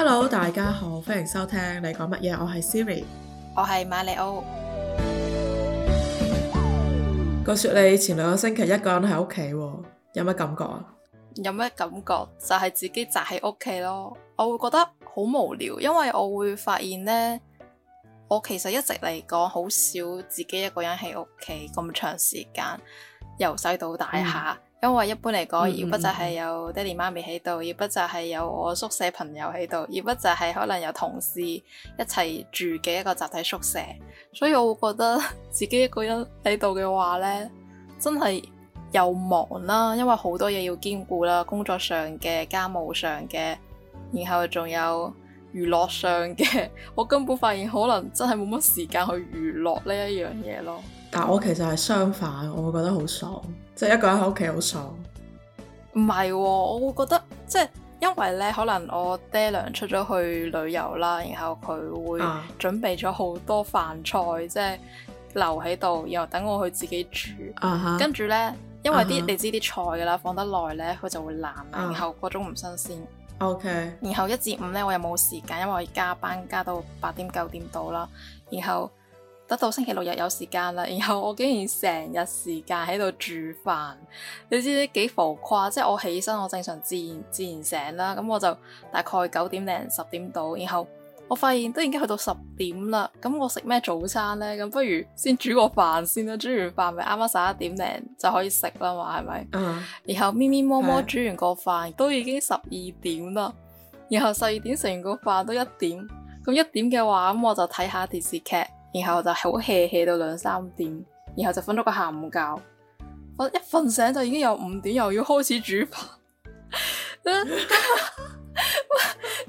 Hello，大家好，歡迎收聽。你講乜嘢？我係 Siri，我係瑪利奧。個說，你前兩個星期一個人喺屋企，有乜感覺啊？有乜感覺？就係自己宅喺屋企咯。我會覺得好無聊，因為我會發現呢，我其實一直嚟講好少自己一個人喺屋企咁長時間，由細到大下。嗯因為一般嚟講，要、嗯、不就係有爹哋媽咪喺度，要不就係有我宿舍朋友喺度，要不就係可能有同事一齊住嘅一個集體宿舍。所以我會覺得自己一個人喺度嘅話呢，真係又忙啦，因為好多嘢要兼顧啦，工作上嘅、家務上嘅，然後仲有娛樂上嘅，我根本發現可能真係冇乜時間去娛樂呢一樣嘢咯。嗯但我其實係相反，我會覺得好爽，即係一個人喺屋企好爽。唔係喎，我會覺得即係因為咧，可能我爹娘出咗去旅遊啦，然後佢會準備咗好多飯菜，啊、即係留喺度，然後等我去自己煮。啊哈，跟住呢，因為啲，啊哈，你知啲菜㗎喇，放得耐呢，佢就會爛喇，然後嗰種唔新鮮。啊，okay。然後一至五呢，我又冇時間，因為我要加班加到八點九點到啦，然後。得到星期六日有時間啦，然後我竟然成日時間喺度煮飯，你知唔知幾浮誇？即係我起身，我正常自然自然醒啦。咁我就大概九點零十點到，然後我發現都已經去到十點啦。咁我食咩早餐呢？咁不如先煮個飯先啦。煮完飯咪啱啱十一點零就可以食啦嘛，係咪？Mm hmm. 然後咪咪摸摸煮完個飯，Yeah. 都已經十二點啦。然後十二點食完個飯都一點。咁一點嘅話，咁我就睇下電視劇。然後就好 heahea 到兩三點，然後就瞓咗個下午覺，我一瞓醒就已經有五點，又要開始煮飯，即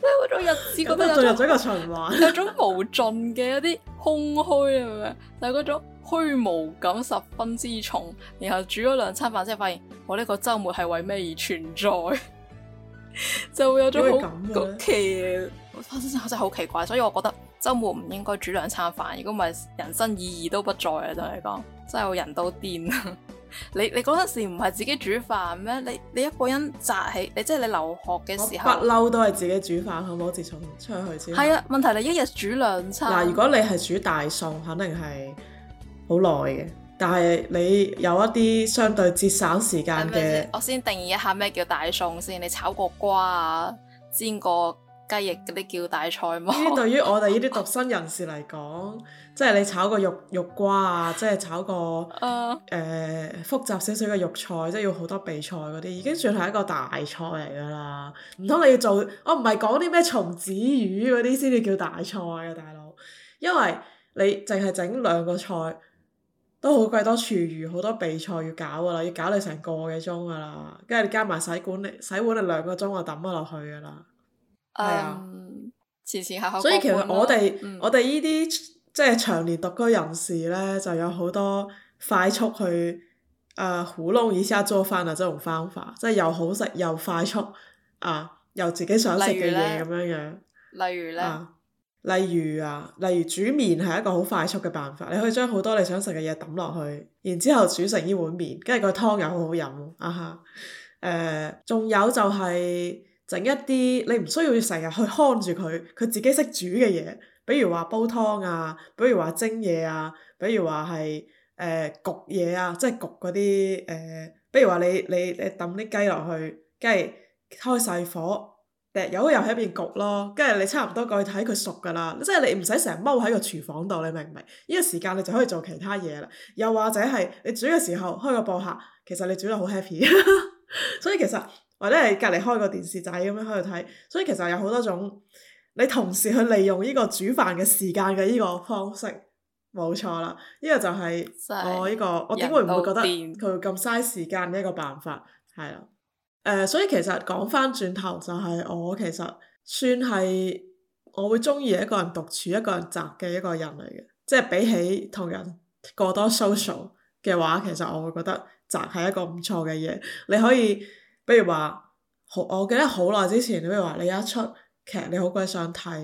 係嗰種日， 日子覺得進入咗一個循環，有種無盡嘅一啲空虛係咪？ 就嗰種虛無感十分之重。然後煮咗兩餐飯，之後發現我呢個周末係為咩而存在， 就會有種好、啊、奇，我我我真係好奇怪。所以我覺得。周末唔應該煮兩餐飯，如果唔係，人生意義都不在啊！真係講，真係我人都癲啊！ 你你嗰陣時唔係自己煮飯咩？你你一個人扎起，你即係你留學嘅時候，不嬲都係自己煮飯，可唔可以自從出去先？係啊，問題你一日煮兩餐，嗱、啊，如果你係煮大餸，肯定係好耐嘅，但係你有一啲相對節省時間嘅，我先定義一下咩叫大餸先，你炒個瓜啊，煎個。雞翼嗰啲叫大菜嗎？呢啲對於我哋呢啲獨身人士嚟講， 即係你炒個肉肉瓜啊，即係炒個誒、uh, 呃、複雜少少嘅肉菜，即係要好多備菜嗰啲，已經算係一個大菜嚟噶啦。唔通你要做？我唔係講啲咩松子魚嗰啲先至叫大菜嘅、啊、大佬，因為你淨係整兩個菜，都好鬼多廚餘，好多備菜要搞噶啦，要搞你成個幾鐘噶啦，跟住加埋洗碗，你洗碗你兩個鐘就抌咗落去噶啦。係啊，前前後後，嗯、所以其實我哋、嗯、我哋呢啲即係長年獨居人士呢，就有好多快速去誒糊弄而家做飯即做用方法，即係又好食又快速啊，又自己想食嘅嘢咁樣樣。例如咧、啊，例如啊，例如煮麵係一個好快速嘅辦法，你可以將好多你想食嘅嘢抌落去，然之後煮成依碗麵，跟住個湯又好好飲。啊嚇，仲、呃、有就係、是。整一啲你唔需要成日去看住佢，佢自己識煮嘅嘢，比如話煲湯啊，比如話蒸嘢啊，比如話係誒焗嘢啊，即係焗嗰啲誒，比如話你你你抌啲雞落去，跟住開細火，滴油又喺邊焗咯，跟住你差唔多過去睇佢熟㗎啦，即係你唔使成日踎喺個廚房度，你明唔明？呢個時間你就可以做其他嘢啦。又或者係你煮嘅時候開個播客，其實你煮得好 happy， 所以其實。或者係隔籬開個電視仔咁樣喺度睇，所以其實有好多種你同時去利用呢個煮飯嘅時間嘅呢個方式，冇錯啦。呢個就係我呢個，我點會唔會覺得佢咁嘥時間嘅一個辦法係啦、呃。所以其實講翻轉頭就係、係、我其實算係我會中意一個人獨處、一個人宅嘅一個人嚟嘅。即係比起同人過多 social 嘅話，其實我會覺得宅係一個唔錯嘅嘢，你可以。比如話，好，我記得好耐之前，比如話你有一出劇，你好鬼想睇，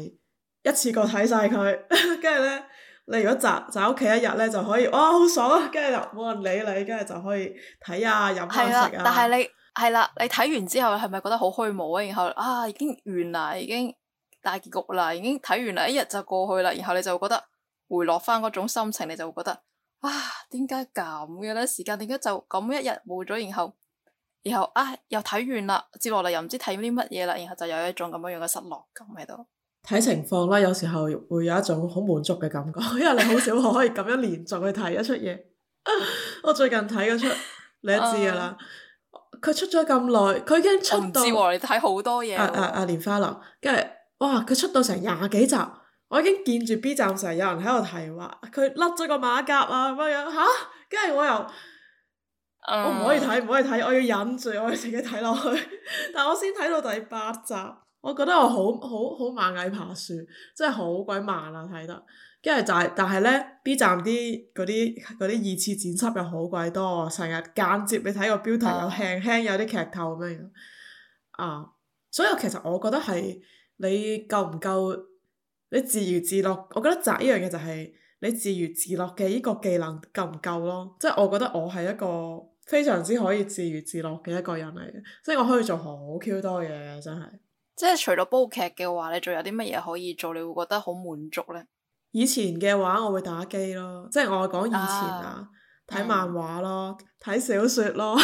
一次過睇晒佢，跟住咧，你如果宅宅屋企一日咧，就可以，哇、哦，好爽啊！跟住就冇人理你，跟住就可以睇啊，飲啊，食啊。但係你係啦，你睇完之後係咪覺得好虛無？然後啊，已經完啦，已經大結局啦，已經睇完啦，一日就過去啦。然後你就會覺得回落返嗰種心情，你就會覺得啊，點解咁嘅咧？時間點解就咁一日冇咗？然後。然後啊，又睇完啦，接落嚟又唔知睇啲乜嘢啦，然後就有一種咁樣樣嘅失落感喺度。睇、就是、情況啦，有時候會有一種好滿足嘅感覺，因為你好少可可以咁樣連續去睇一出嘢。 我最近睇咗、 嗯、出，出、嗯啊，你都知噶啦，佢出咗咁耐，佢已經出到唔止喎，你睇好多嘢。啊啊啊！蓮花樓，跟住哇，佢出到成廿幾集，我已經見住 B 站成日有人喺度提話，佢甩咗個馬甲啊，咁樣吓，跟住我又。我唔可以睇，唔可以睇，我要忍住，我要自己睇落去。但我先睇到第八集，我覺得我好好好螞蟻爬樹，真係好鬼慢啊睇得。跟住就係，但係呢 B 站啲嗰啲嗰啲二次剪輯又好鬼多，成日剪接，你睇個標題又輕輕有啲劇、啊、透咁樣。啊，所以其實我覺得係你夠唔夠你自娛自樂？我覺得集呢樣嘢就係、是、你自娛自樂嘅呢個技能夠唔夠咯？即、就、係、是、我覺得我係一個非常之可以自娛自樂嘅一個人嚟，嘅，即係我可以做好 Q 多嘢啊，真係。即係除咗煲劇嘅話，你仲有啲乜嘢可以做？你會覺得好滿足呢？以前嘅話我會打機咯，即係我講以前啊，睇漫畫咯，睇、嗯、小說咯。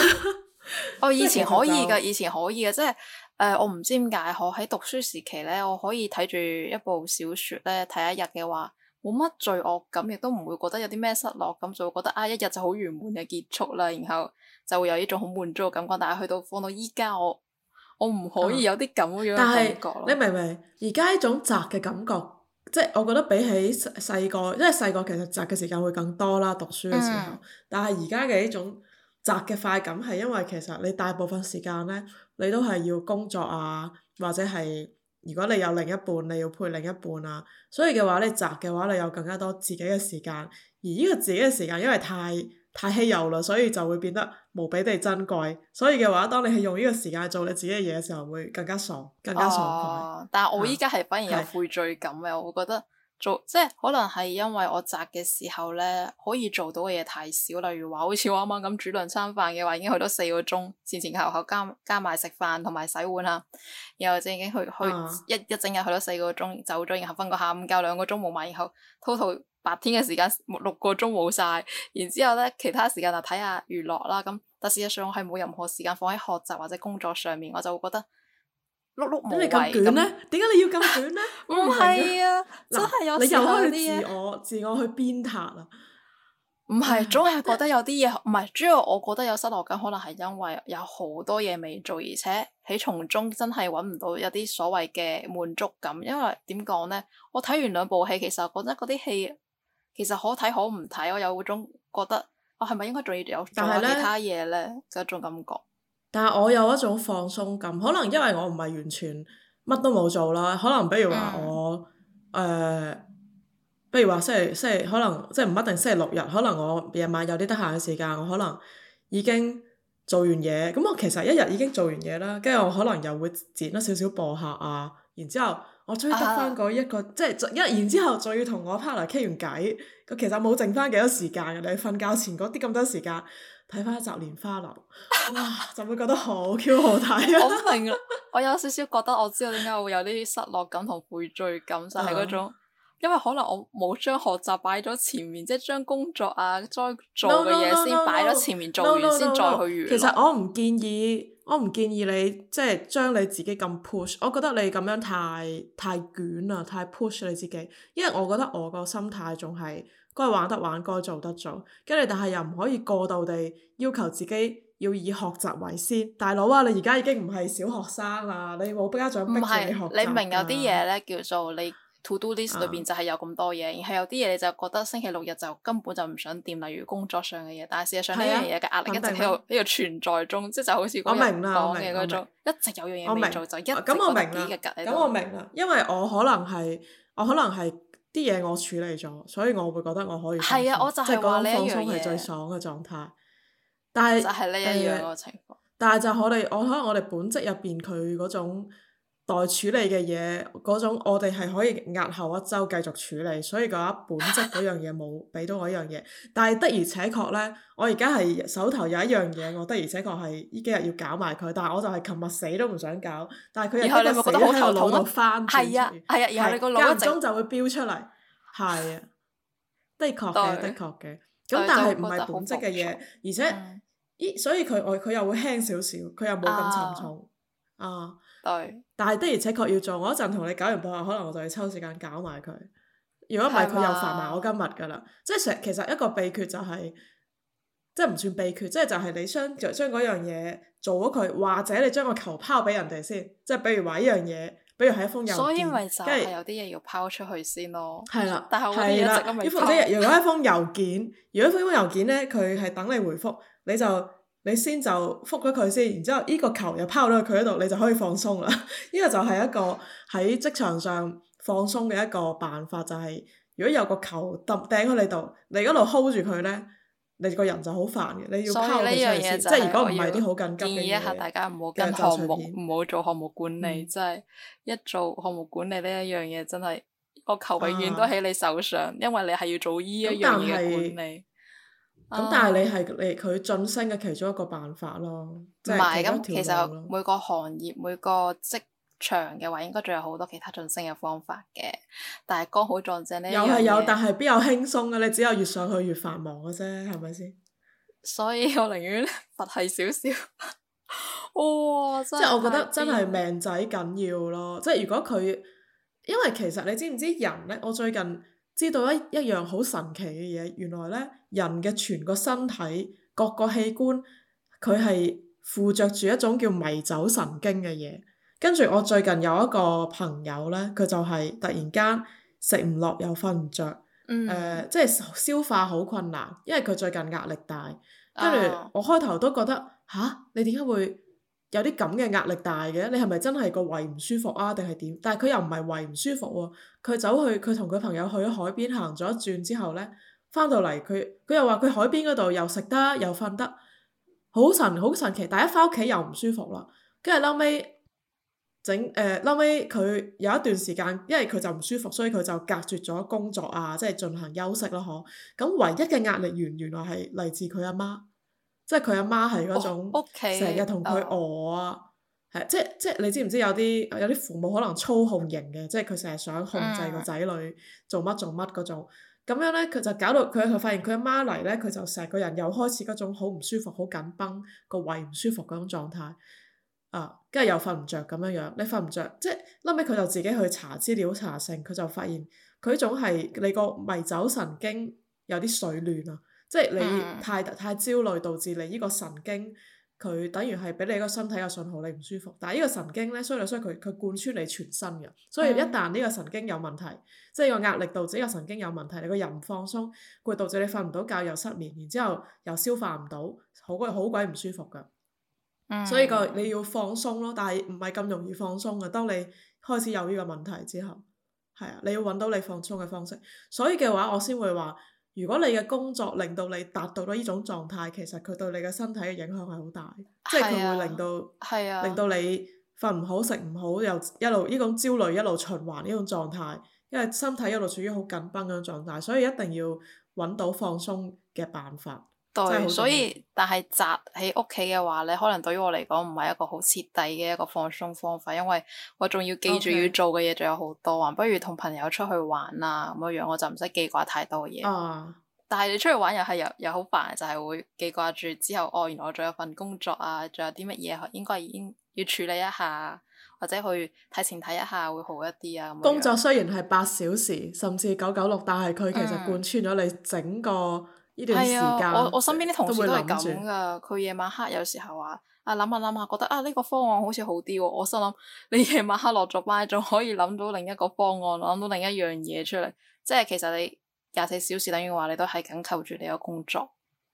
我、哦、 以前可以噶，以前可以嘅，即係誒、呃，我唔知點解我喺讀書時期呢，我可以睇住一部小說呢，睇一日嘅話。冇乜罪惡感，亦都唔會覺得有啲咩失落感，就會覺得啊，一日就好圓滿嘅結束啦，然後就會有呢種好滿足嘅感覺。但係去到放到依家，我我唔可以有啲咁樣，但係你明唔明？而家呢種宅嘅感覺，即係我覺得比起細個，因為細個其實宅嘅時間會更多啦，讀書嘅時候。嗯、但係而家嘅呢種宅嘅快感，係因為其實你大部分時間呢，你都係要工作啊，或者係。如果你有另一半，你要配另一半啊。所以嘅話你宅嘅話，你有更加多自己嘅時間，而呢個自己嘅時間因為太太稀有啦，所以就會變得無比地珍貴，所以嘅話，當你係用呢個時間做你自己嘅嘢嘅時候，會更加爽，更加爽。哦、啊，嗯、但係我依家係反而有負罪感嘅，的我會覺得。做，即係可能係因為我宅嘅時候咧，可以做到嘅嘢太少。例如話，好似我啱啱咁煮兩餐飯嘅話，已經去咗四個鐘，前前後後加加埋食飯同埋洗碗啊，然後就已經去去、嗯、一一整日去咗四個鐘走咗，然後瞓個下午覺兩個鐘冇埋，然後 total 白天嘅時間六個鐘冇晒。然之後咧，其他時間就睇下娛樂啦。咁但事實上我係冇任何時間放喺學習或者工作上面，我就會覺得。碌碌無為咁，點解你要咁捲咧？唔係 啊， 真係有時候有啲嘢。你又開始自我、 自我去鞭撻啦？唔係是，總係覺得有啲嘢，唔係主要，我覺得有失落感，可能係因為有好多嘢未做，而且喺從中真係搵唔到有啲所謂嘅滿足感。因為點講咧？我睇完兩部戲，其實我覺得嗰啲戲其實好睇，好唔睇，我有種覺得我係咪應該仲要有做下其他嘢咧？嗰種感覺。 但係我有一種放鬆感，可能因為我唔係完全乜都冇做啦。可能比如話我誒、嗯呃，比如話星期星期，星期，可能即係唔一定星期六日，可能我夜晚有啲得閒嘅時間，我可能已經做完嘢。咁我其實一日已經做完嘢啦，跟住我可能又會剪一少少播客啊。然之後我追得翻嗰一個，啊、即係一，然之後仲要同我 partner 傾完偈，佢其實冇剩翻幾多，多時間嘅。你瞓覺前嗰啲咁多時間。睇翻一集《蓮花樓》，哇！就會覺得好 Q 好睇。我明 我有少少覺得，我知道點解會有啲失落感同負罪感， 就係嗰種，因為可能我冇將學習擺咗前面，即係將工作啊、再做嘅嘢先擺咗前面前，no, 做完先、no, no, no, no, 再去。完。no, no. 其實我唔建議，我唔建議你即係將你自己咁 push。我覺得你咁樣太太卷啦，太 push 你自己，因為我覺得我個心態仲係。合該玩得玩，該做得做，跟住但係又唔可以過度地要求自己要以學習為先。大佬啊，你而家已經唔係小學生啦，你冇家長逼住你學習。唔係，你明有啲嘢咧，叫做你 to do list 裏邊就係有咁多嘢，而係有啲嘢你就覺得星期六日就根本就唔想掂，例如工作上嘅嘢。但係事實上呢樣嘢嘅壓力一直喺度喺度存在中，即就好似我明講嘅嗰種一直有樣嘢未做就一咁我明咁我明啦，因為我可能係我可能係。啲嘢我處理咗，所以我會覺得我可以放鬆，即係講放鬆係最爽嘅狀態。但係就係呢情況。但係就但我哋，我可能我哋本質入邊佢嗰種，待處理嘅嘢嗰種，我哋係可以壓後一周繼續處理，所以嗰一本質嗰樣嘢冇俾到我一樣嘢。 但係的而且確呢，我而家係手頭有一樣嘢，我的而且確係呢幾日要搞埋佢。但係我就係琴日死都唔想搞。但係佢又喺得死喺度攞翻住，係啊，係啊，然、啊啊、後你個腦是中就會飆出嚟，係 啊，的確嘅，對的確嘅。咁對但係唔係本質嘅嘢，對錯而且咦，所以佢我佢又會輕少少，佢又冇咁沉重 啊。啊係，對但係的而且確要做。我一陣同你搞完破案，可能我就要抽時間搞埋佢。如果唔係，佢又煩埋我今日噶啦。嗎即係成，其實一個秘訣就係、是，即係唔算秘訣，即係就係、是、你將將嗰樣嘢做咗佢，或者你將個球拋俾人哋先。即係比如話呢樣嘢，比如係一封郵件，即係有啲嘢要拋出去先咯。係啦的， 但係我哋一直咁如， 如果一封郵件，如果一封郵件咧，佢係等你回覆，你就。你先就覆咗佢先，然之後呢個球又拋咗去佢度，你就可以放鬆啦。呢 個就係一個喺職場上放鬆嘅一個辦法，就係、是、如果有個球揼掟喺你度，你一路 hold 住佢呢，你個人就好煩嘅。你要拋佢出嚟先。即係是要如果唔係啲好緊急嘅嘢。建議一下大家唔好跟項目，唔好上做項目管理，真係、嗯、一做項目管理呢一樣嘢真係個球永遠都喺你手上，啊、因為你係要做呢一樣嘢管理。咁、嗯、但係你係你佢晉升嘅其中一個辦法咯，即係其中一條路咯。唔係咁，其實每個行業每個職場嘅話，應該仲有好多其他晉升嘅方法嘅。但係剛好撞正呢，有係有，但係邊有輕鬆嘅，你只有越上去越繁忙嘅啫，係咪先？所以我寧願佛系少少。哇！即係我覺得真係命仔緊要咯，即係如果佢，因為其實你知唔知人呢？我最近。知道一一樣好神奇嘅嘢，原來呢，人嘅全個身體各個器官佢係附着住一種叫迷走神經嘅嘢。跟住我最近有一個朋友呢，佢就係突然間食唔落又瞓唔着，誒、嗯呃、即係消化好困難，因為佢最近壓力大。跟住我開頭都覺得吓、啊啊？你點解會？有啲咁嘅壓力大嘅，你係咪真係個胃唔舒服啊？定係點？但係佢又唔係胃唔舒服喎、啊，佢走去佢同佢朋友去咗海邊行咗一轉之後呢，翻到嚟佢佢又話佢海邊嗰度又食得又瞓得，好神好神奇，但一翻屋企又唔舒服啦。跟住後尾整誒後尾佢有一段時間，因為佢就唔舒服，所以佢就隔絕咗工作啊，即係進行休息啦。嗬，咁唯一嘅壓力源原，原來係嚟自佢阿媽。即係佢阿媽係嗰種，成日同佢餓啊，係、嗯、即即係你知唔知有啲有啲父母可能操控型嘅，即係佢成日想控制個仔女做乜做乜嗰種。咁樣呢，佢就搞到佢，佢發現佢阿媽嚟呢，佢就成個人又開始嗰種好唔舒服、好緊繃，個胃唔舒服嗰種狀態。啊，跟住又瞓唔着咁樣樣，你瞓唔着，即係後尾佢就自己去查資料查證，佢就發現佢種係你個迷走神經有啲紊亂啊。即係你太太焦慮，導致你呢個神經佢等於係俾你個身體嘅信號，你唔舒服。但係呢個神經呢，衰就衰佢，佢貫穿你全身嘅。所以一旦呢個神經有問題，嗯、即係個壓力導致個神經有問題，你個人唔放鬆，佢導致你瞓唔到覺又失眠，然之後又消化唔到，好鬼好鬼唔舒服嘅。嗯、所以個你要放鬆咯，但係唔係咁容易放鬆嘅。當你開始有呢個問題之後，係啊，你要揾到你放鬆嘅方式。所以嘅話我，我先會話。如果你嘅工作令到你達到咗呢種狀態，其實佢對你嘅身體嘅影響係好大，是啊、即係佢會令到令到你瞓唔好食唔好，又一路呢種焦慮一路循環呢種狀態，因為身體一路處於好緊繃咁樣狀態，所以一定要搵到放鬆嘅辦法。對，所以但係宅喺屋企嘅話咧，可能對於我嚟講唔係一個好徹底嘅一個放鬆方法，因為我仲要記住要做嘅嘢仲有好多，還 Okay. 不如同朋友出去玩啊咁嘅樣，我就唔使記掛太多嘢。啊、但係你出去玩又係又又好煩，就係、是、會記掛住之後哦，原來我仲有份工作啊，仲有啲乜嘢應該已經要處理一下，或者去提前睇一下會好一啲啊。工作雖然係八小時，甚至九九六，但係佢其實貫穿咗你整個、嗯。係啊，我我身邊啲同事都係咁噶。佢夜晚黑有時候啊，啊諗下諗下，覺得啊呢個方案好似好啲喎。我心諗，你夜晚黑落咗班，仲可以諗到另一個方案，諗到另一樣嘢出嚟。即係其實你廿四小時等於話你都係緊扣住你個工作。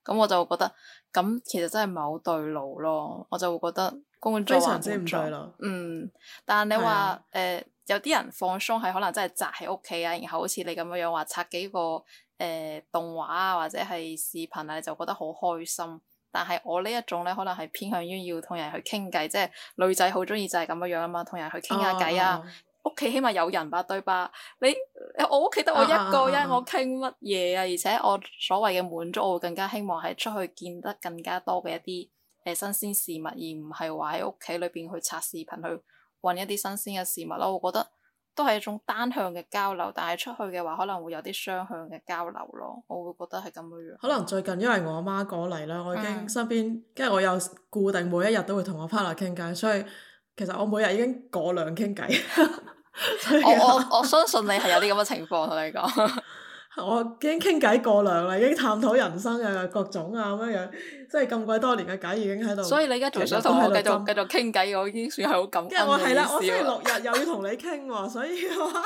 咁我就覺得，咁其實真係唔係好對路咯。我就會覺得工作啊，工作。嗯，但係你話誒的、呃，有啲人放鬆係可能真係宅喺屋企啊，然後好似你咁樣樣話拆幾個。誒、呃，動畫啊，或者係視頻啊，就覺得好開心。但係我呢一種咧，可能係偏向於要同人去傾偈，即係女仔好鍾意就係咁樣樣啊嘛，同人去傾下偈啊。屋企起碼有人吧，對吧？你我屋企得我一個人，啊、我傾乜嘢啊？而且我所謂嘅滿足，我會更加希望喺出去見得更加多嘅一啲誒、呃、新鮮事物，而唔係話喺屋企裏邊去刷視頻去搵一啲新鮮嘅事物咯。我覺得。都係一種單向嘅交流，但係出去嘅話可能會有啲雙向嘅交流咯。我會覺得係咁樣樣。可能最近因為我阿媽過嚟啦，我已經身邊，跟住、嗯、我有固定每一日都會同我 partner 傾偈，所以其實我每日已經過量傾偈。我我相信你係有啲咁嘅情況同 你講。我已經傾偈過量啦，已經探討人生啊各種啊咁樣樣，即係咁鬼多年嘅偈已經喺度。所以你而家仲想同我繼續繼續傾偈，我已經算係好感恩嘅意思。因為我係啦，的我星期六日又要同你傾喎， 所以嘅話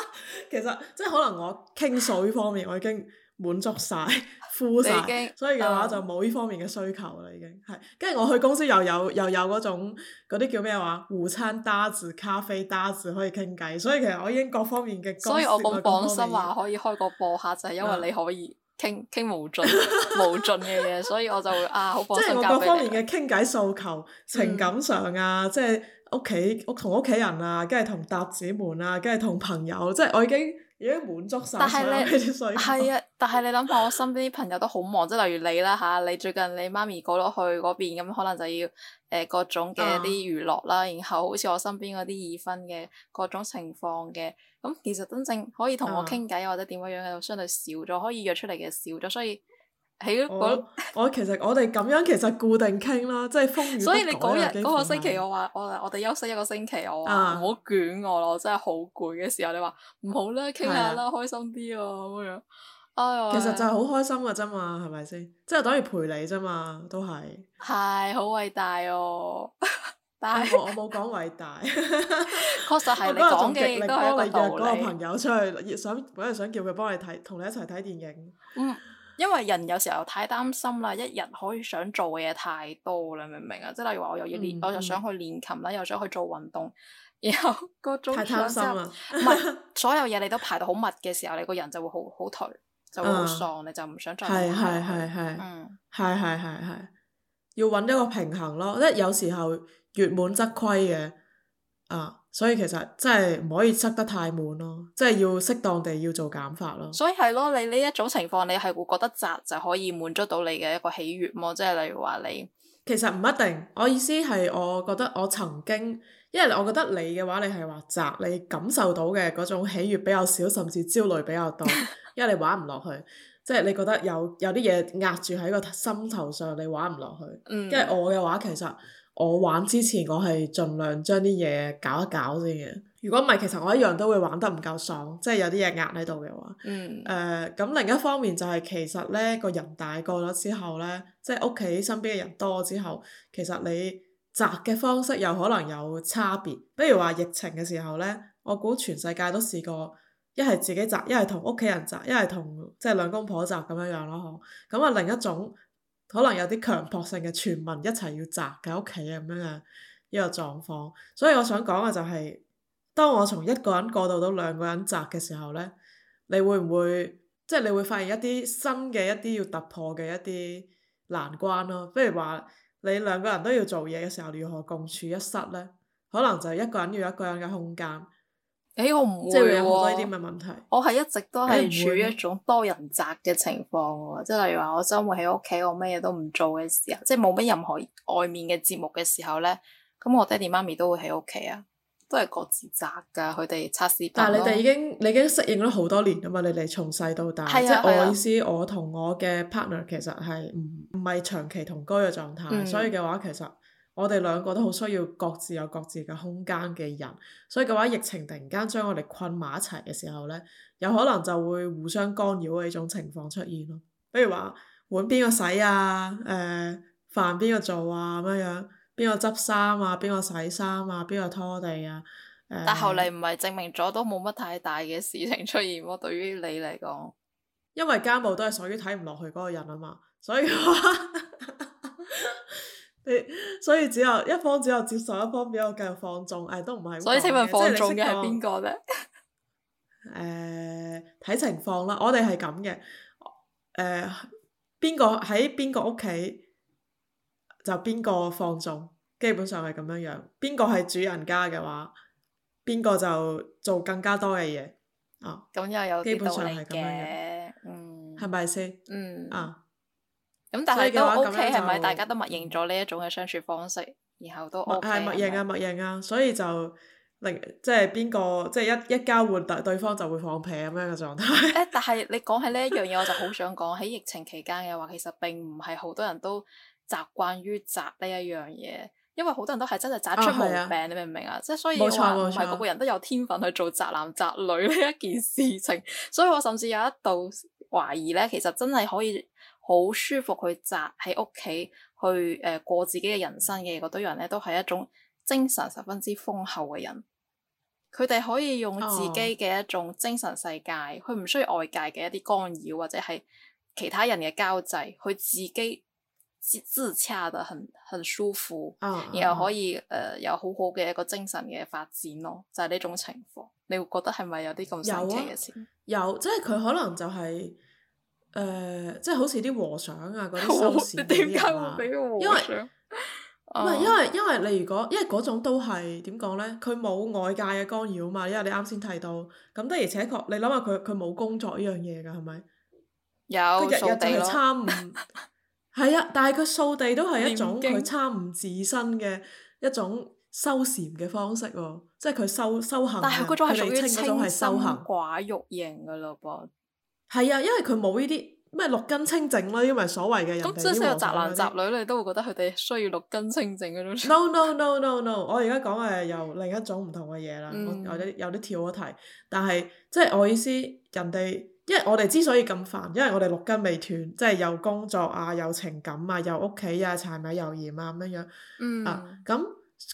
其實即係可能我傾水方面我已經。滿足晒，敷曬，所以嘅話、嗯、就冇呢方面嘅需求啦，已經係。跟住我去公司又有又有嗰種嗰啲叫咩話，午餐搭子、咖啡搭子可以傾偈，所以其實我已經各方面嘅公司。所以我冇講心話可以開個播客，就係因為你可以傾傾、嗯、無盡 無盡嘅嘢，所以我就會啊好放心。即係我各方面嘅傾偈訴求，情感上啊，嗯、即係。屋企屋同屋企人啊，跟住同搭子們啊，跟住同、啊、同朋友，即係我已經已經滿足晒晒呢啲係啊，但係你諗下，我身邊啲朋友都好忙，即係 例如你啦吓，你最近你媽咪過咗去嗰邊，咁可能就要誒、呃、各種嘅一啲娛樂啦，啊、然後好似我身邊嗰啲已婚嘅各種情況嘅，咁其實真正可以同我傾偈或者點樣樣嘅，啊、就相對少咗，可以約出嚟嘅少咗，所以。喺嗰我其實我哋咁樣其實固定傾啦，即係風雨不改，所以你嗰日嗰個星期，我話我我哋休息一個星期，我話唔好卷我啦，真係好攰嘅時候，你話唔好啦，傾下啦，開心啲咁樣。哎呀，其實就係好開心嘅啫嘛，係咪先？即係等於陪你啫嘛，都係。係好偉大哦！但係我冇講偉大，確實係你講嘅亦都係道理，你約個朋友出去想本來想叫佢幫你睇，同你一齊睇電影。嗯。因為人有時候太擔心啦，一日可以想做嘅嘢太多啦，明唔明啊？即係例如話我又要練，嗯、我又想去練琴啦，又想去做運動，然後各種太貪心啊，唔係後 所有嘢你都排到好密嘅時候，你個人就會好好頹，就會好喪，啊、你就唔想再做嘢。係係係係，嗯是是是是，係係係係，要搵一個平衡咯。即係有時候月滿則虧嘅，啊。所以其實真係唔可以執得太滿咯，即係要適當地要做減法咯。所以係咯，你呢一種情況，你係會覺得宅就可以滿足到你嘅一個喜悅麼？即係例如話你，其實唔一定。我意思係，我覺得我曾經，因為我覺得你嘅話，你係話宅，你感受到嘅嗰種喜悅比較少，甚至焦慮比較多，因為你玩唔落去，即係 你覺得有有啲嘢壓住喺個心頭上，你玩唔落去。因為我嘅話，其實。我玩之前，我係盡量將啲嘢搞一搞先嘅。如果唔係，其實我一樣都會玩得唔夠爽，即係有啲嘢壓喺度嘅話。嗯。誒、呃，咁另一方面就係、是、其實呢個人大個咗之後呢，即係屋企身邊嘅人多咗之後，其實你宅嘅方式又可能有差別。比如話疫情嘅時候呢，我估全世界都試過，一係自己宅，一係同屋企人宅，一係同即係兩公婆宅咁樣樣咯。嗬。咁啊，另一種。可能有啲強迫性嘅全民一齊要宅喺屋企啊，咁樣嘅一個狀況，所以我想講嘅就係、是，當我從一個人過渡到兩個人宅嘅時候呢，你會唔會即係、就是、你會發現一啲新嘅一啲要突破嘅一啲難關咯？譬如話，你兩個人都要做嘢嘅時候，你如何共處一室呢？可能就一個人要有一個人嘅空間。誒，我唔會，呢啲嘅問題我係一直都係處於一種多人宅嘅情況，即係例如話我周末喺屋企，我乜嘢都唔做嘅時候，即係冇乜任何外面嘅節目嘅時候咧，咁我爹哋媽咪都會喺屋企啊，都係各自宅噶，佢哋測試。但係你哋已經，你已經適應咗好多年噶嘛，你哋從細到大，的即係我意思，的我同我嘅 partner 其實係唔唔係長期同居嘅狀態，嗯、所以嘅話其實。我哋兩個都好需要各自有各自嘅空間嘅人，所以嘅話，疫情突然間將我哋困埋一齊嘅時候呢，有可能就會互相干擾嘅一種情況出現咯。比如話，碗邊個洗啊？誒、呃，飯邊個做啊？咁樣，邊個執衫啊？邊個洗衫啊？邊個拖地啊？呃、但後嚟唔係證明咗都冇乜太大嘅事情出現咯。對於你嚟講，因為家務都係屬於睇唔落去嗰個人啊嘛，所以嘅話。 你所以只有一方只有接受，一方俾我繼續放縱，誒、哎、都唔係。所以請問放縱嘅係邊個呢？誒、 呃，睇情況啦。我哋係咁嘅。誒、呃，邊個喺邊個屋企就邊個放縱，基本上係咁樣樣。邊個係主人家嘅話，邊個就做更加多嘅嘢。啊，咁又有啲道理嘅。嗯。基本上係咁樣嘅。係咪先？嗯。啊。咁但係都 O K，係咪？係咪大家都默認咗呢一種嘅相處方式，然後都 O K。係默認啊，默認啊，所以就令即係邊個即係一一交換，對方就會放屁咁樣嘅狀態。 但係你講起呢一樣嘢，我就好想講喺 疫情期間嘅話，其實並唔係好多人都習慣於宅呢一樣嘢，因為好多人都係真係宅出毛病，哦啊、你明唔明啊？即係所以冇錯唔係個個人都有天分去做宅男宅女呢一件事情，所以我甚至有一度懷疑呢，其實真係可以好舒服去宅喺屋企去誒、呃、過自己嘅人生嘅嗰堆人咧，都係一種精神十分之豐厚嘅人。佢哋可以用自己嘅一種精神世界，佢唔、哦、需要外界嘅一啲干擾或者係其他人嘅交際，佢自己自自洽得很，很舒服，哦、然後可以誒、呃、有好好嘅一個精神嘅發展咯。就係、是、呢種情況，你會覺得係咪有啲咁神奇嘅事有、啊？有，即係佢可能就係、是。誒、呃，即係好似啲和尚啊，嗰啲修禪，你點解會俾和尚？唔係因為， 因，為，因，為因為你如果因為嗰種都係點講呢？佢冇外界嘅干擾嘛。因為你啱先提到咁，的而且確你諗下佢佢冇工作呢樣嘢㗎係咪？是是有佢掃地參悟，係啊， 但係佢掃地都係一種佢參悟自身嘅一種修禪嘅方式喎。即係佢修修行。但係嗰種係屬於清心寡欲型㗎啦噃。 係啊，因為佢冇呢啲咩六根清淨咯，因為所謂嘅那人哋呢啲。即使有宅男宅女你都會覺得佢哋需要六根清淨嗰種。No no no no no！我而家講嘅係，又另一種唔同嘅嘢啦，我有啲有啲跳咗題，但係即係我意思，人哋，因為我哋之所以咁煩，因為我哋六根未斷，即係有工作啊，有情感啊，有屋企啊，柴米油鹽啊，咁樣啊，咁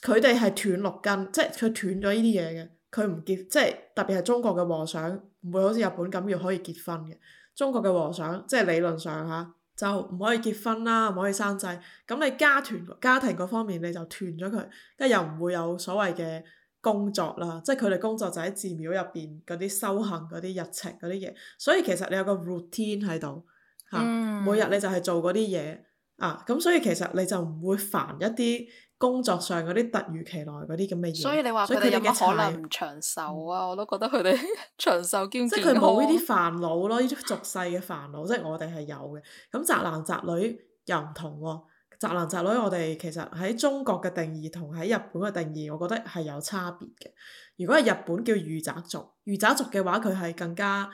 佢哋係斷六根，即係佢斷咗呢啲嘢嘅。佢唔結，即係特別係中國嘅和尚，唔會好似日本咁要可以結婚嘅。中國嘅和尚即係理論上吓、啊、就唔可以結婚啦，唔可以生仔。咁你家團家庭嗰方面你就斷咗佢，跟住又唔會有所謂嘅工作啦。即係佢哋工作就喺寺廟入邊嗰啲修行嗰啲日程嗰啲嘢，所以其實你有個 routine 喺度吓，啊嗯、每日你就係做嗰啲嘢啊。咁所以其實你就唔會煩一啲。工作上嗰啲突如其來嗰啲咁嘅嘢，所以你話佢哋有乜可能唔長壽啊？嗯、我都覺得佢哋長壽兼。即係佢冇呢啲煩惱咯，呢啲俗世嘅煩惱，即係我哋係有嘅。咁宅男宅女又唔同喎，宅男宅女我哋其實喺中國嘅定義同喺日本嘅定義，我覺得係有差別嘅。如果係日本叫御宅族，御宅族嘅話，佢係更加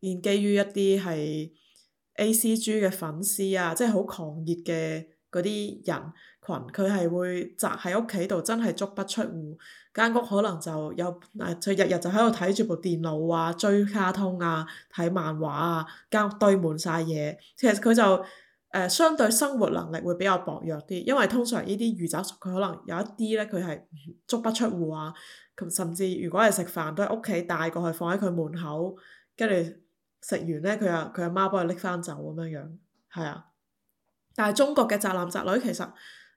建基於一啲係 A C G 嘅粉絲啊，即係好狂熱嘅。嗰啲人群，佢係會宅喺屋企度，真係足不出戶。間屋可能就有誒，佢日日就喺度睇住部電腦啊，追卡通啊，睇漫畫啊，間屋堆滿晒嘢。其實佢就誒、呃，相對生活能力會比較薄弱啲，因為通常呢啲御宅族，佢可能有一啲咧，佢係足不出戶啊。甚至如果係食飯，都喺屋企帶過去放喺佢門口，跟住食完咧，佢阿佢阿媽幫佢拎翻走咁樣樣，係啊。但係中國嘅宅男宅女其實，誒、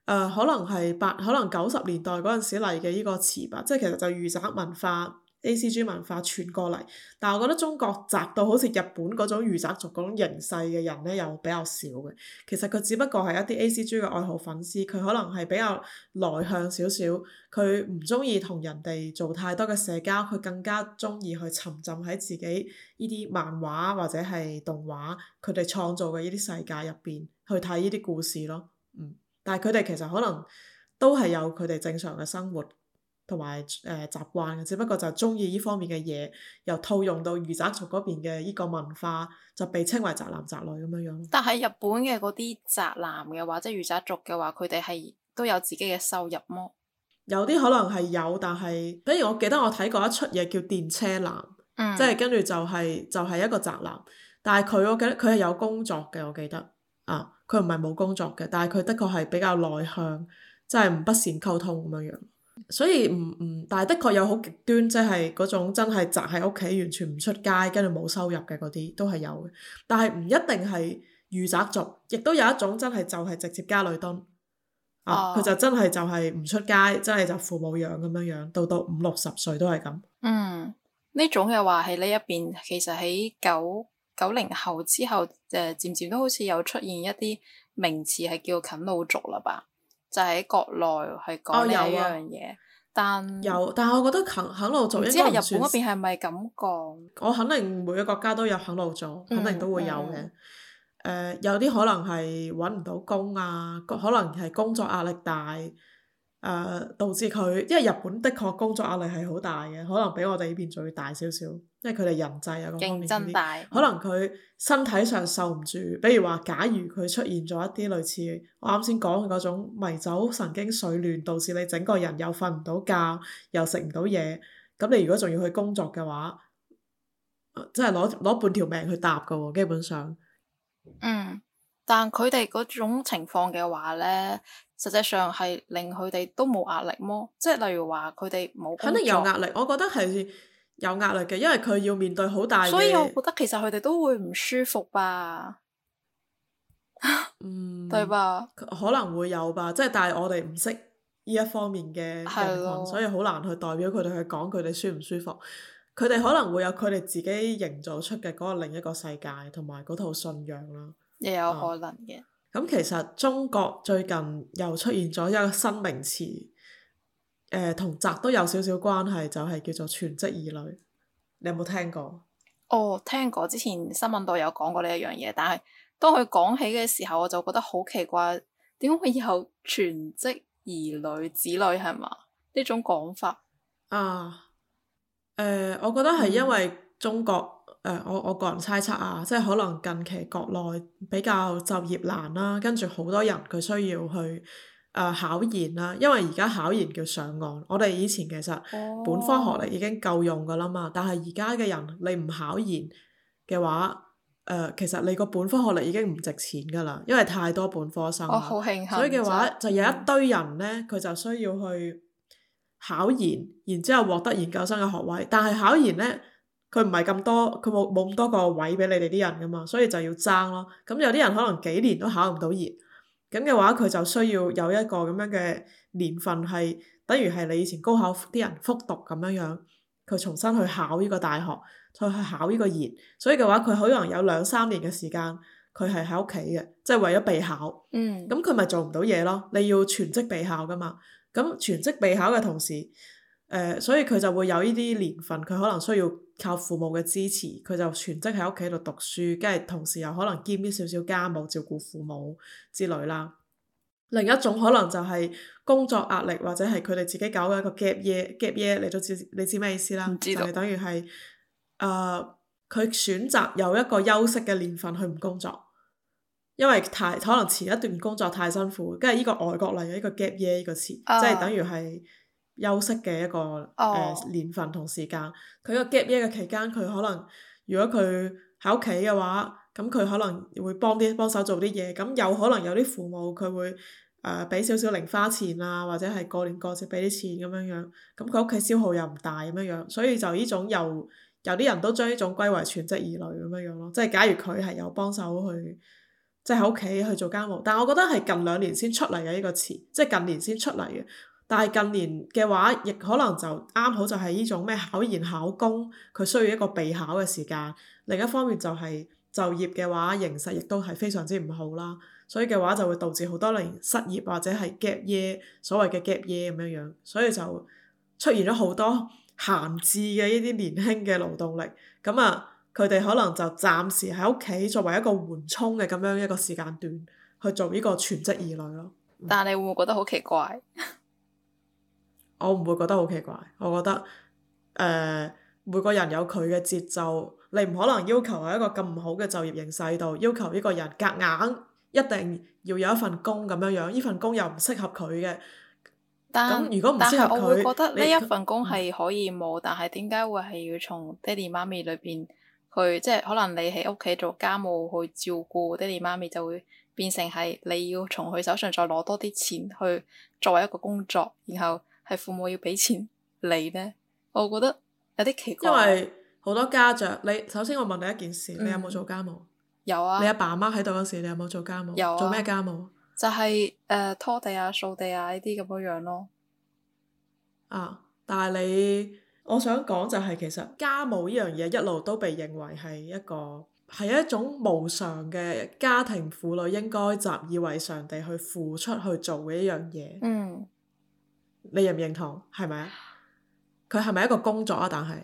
呃、可能係八可能九十年代嗰陣時嚟嘅呢個詞吧，即係其實就係御宅文化。A.C.G 文化傳過嚟，但係我覺得中國集到好似日本嗰種御宅族嗰種形勢嘅人呢，又比較少嘅。其實佢只不過係一啲 A.C.G 嘅愛好粉絲，佢可能係比較內向少少，佢唔中意同人哋做太多嘅社交，佢更加中意去沉浸喺自己呢啲漫畫或者係動畫佢哋創造嘅呢啲世界入邊去睇呢啲故事咯。嗯，但係佢哋其實可能都係有佢哋正常嘅生活。同埋誒習慣嘅，只不過就係中意呢方面嘅嘢，由套用到御宅族嗰邊嘅呢個文化，就被稱為宅男宅女咁樣樣。但係日本嘅嗰啲宅男嘅話，即係御宅族嘅話，佢哋係都有自己嘅收入麼？有啲可能係有，但係比如我記得我睇過一出嘢叫電車男，即係、嗯、跟住就係、是、就係、是、一個宅男，但係佢我記得佢係有工作嘅。我記得，我記得啊，佢唔係冇工作嘅，但係佢的確係比較內向，即係唔不善溝通咁樣樣。所以唔唔，但係的確有好極端，即係嗰種真係宅喺屋企，完全唔出街，跟住冇收入嘅嗰啲，都係有嘅。但係唔一定係御宅族，亦都有一種真係就係直接家裏蹲，佢就真係就係唔出街，真係就父母養咁樣樣，到到五六十歲都係咁。嗯，呢種嘅話喺呢一邊，其實喺九九零後之後，誒、呃，漸漸都好似有出現一啲名詞係叫啃老族啦吧。就喺國內係講呢一、哦啊、樣嘢，但有，但係我覺得啃、啃老族。因為日本嗰邊係咪咁講？我肯定每個國家都有啃老族，嗯、肯定都會有嘅。誒、嗯，uh, 有啲可能係揾唔到工啊，可能係工作壓力大，誒、uh，導致佢。因為日本的確工作壓力係好大嘅，可能比我哋呢邊仲要大少少。因為佢哋人際有嗰方面啲，嗯、可能佢身體上受唔住，比如話，假如佢出現咗一啲類似我啱先講嘅嗰種迷走神經水亂，導致你整個人又瞓唔到覺，又食唔到嘢，咁你如果仲要去工作嘅話，即真係攞攞半條命去搭噶喎，基本上。嗯，但佢哋嗰種情況嘅話呢，實際上係令佢哋都冇壓力麼？即係例如話佢哋冇肯定有壓力，我覺得係。有壓力嘅，因為佢要面對好大嘅。所以我覺得其實佢哋都會唔舒服吧， 嗯，對吧？可能會有吧，即係但係我哋唔識呢一方面嘅人群，咯所以好難去代表佢哋去講佢哋舒唔舒服。佢哋可能會有佢哋自己營造出嘅嗰個另一個世界，同埋嗰套信仰啦，亦有可能嘅。咁、嗯、其實中國最近又出現咗一個新名詞。同宅、呃、都有少少關係，就係、是、叫做全職兒女，你有冇聽過？哦，聽過之前新聞度有講過呢一樣嘢，但係當佢講起嘅時候，我就覺得好奇怪，點解會有全職兒女子女係咪呢種講法？啊、呃，我覺得係因為中國、呃、我我個人猜測啊，即係可能近期國內比較就業難啦、啊，跟住好多人佢需要去。誒、呃、考研啦，因為而家考研叫上岸。我哋以前其實本科學歷已經夠用噶啦嘛，Oh. 但係而家嘅人你唔考研嘅話，誒、呃、其實你個本科學歷已經唔值錢噶啦，因為太多本科生。Oh. 所以嘅話、嗯、就有一堆人呢，佢就需要去考研，然之後獲得研究生嘅學位。但係考研呢，佢唔係咁多，佢冇冇咁多個位俾你哋啲人噶嘛，所以就要爭咯。咁有啲人可能幾年都考唔到研。咁嘅話，佢就需要有一個咁樣嘅年份，係等於係你以前高考啲人復讀咁樣樣，佢重新去考呢個大學，再去考呢個研。所以嘅話，佢可能有兩三年嘅時間，佢係喺屋企嘅，即係為咗備考。嗯，咁佢咪做唔到嘢咯？你要全職備考噶嘛？咁全職備考嘅同時。誒、呃，所以佢就會有呢啲年份，佢可能需要靠父母嘅支持，佢就全職喺屋企度讀書，跟住同時又可能兼啲少少家務照顧父母之類啦。另一種可能就係工作壓力或者係佢哋自己搞嘅一個 gap year，gap year 你都知你知咩意思啦？唔知道就係等於係誒，佢、呃、選擇有一個休息嘅年份去唔工作，因為太可能前一段工作太辛苦，跟住呢個外國嚟嘅呢個 gap year 呢個詞，即係、啊、等於係，休息嘅一個誒、oh. 呃、年份同時間，佢個 gap year 嘅期間，佢可能如果佢喺屋企嘅話，咁佢可能會幫啲幫手做啲嘢，咁有可能有啲父母佢會誒俾、呃、少少零花錢啊，或者係過年過節俾啲錢咁樣樣，咁佢屋企消耗又唔大咁樣樣，所以就呢種又有啲人都將呢種歸為全職兒女咁樣樣咯，即係假如佢係有幫手去即係喺屋企去做家務，但我覺得係近兩年先出嚟嘅呢個詞，即係近年先出嚟嘅。但係近年嘅話，亦可能就啱好就係呢種咩考研考公，佢需要一個備考嘅時間。另一方面就係、是、就業嘅話，形勢亦都係非常之唔好啦。所以嘅話就會導致好多人失業或者係 gap year 所謂嘅 gap year 咁樣樣，所以就出現咗好多閒置嘅呢啲年輕嘅勞動力。咁啊，佢哋可能就暫時喺屋企作為一個緩衝嘅咁樣一個時間段去做呢個全職兒女咯。嗯、但係你會唔會覺得好奇怪？我唔會覺得好奇怪，我覺得誒、呃、每個人有佢嘅節奏，你唔可能要求喺一個咁唔好嘅就業形勢度要求呢個人夾硬一定要有一份工咁樣樣，呢份工又唔適合佢嘅。咁如果唔適合佢，覺得呢一份工係但可以冇，他但係點解會係要從爹哋媽咪裏邊去？即係可能你喺屋企做家務去照顧爹哋媽咪，就會變成係你要從佢手上再攞多啲錢去作為一個工作，然後。係父母要俾錢，你咩？我覺得有啲奇怪。因為好多家長，你首先我問你一件事，嗯、你有冇做家務？有啊。你阿爸阿媽喺度嗰時，你有冇做家務？有、啊。做咩家務？就係、是、誒、呃、拖地啊、掃地啊呢啲咁樣樣咯。啊！但係你，嗯、我想講就係，其實家務呢樣嘢一路都被認為係一個係一種無償嘅家庭婦女應該習以為常地去付出去做嘅一樣嘢。嗯。你認唔認同？係咪啊？佢係咪一個工作啊？但係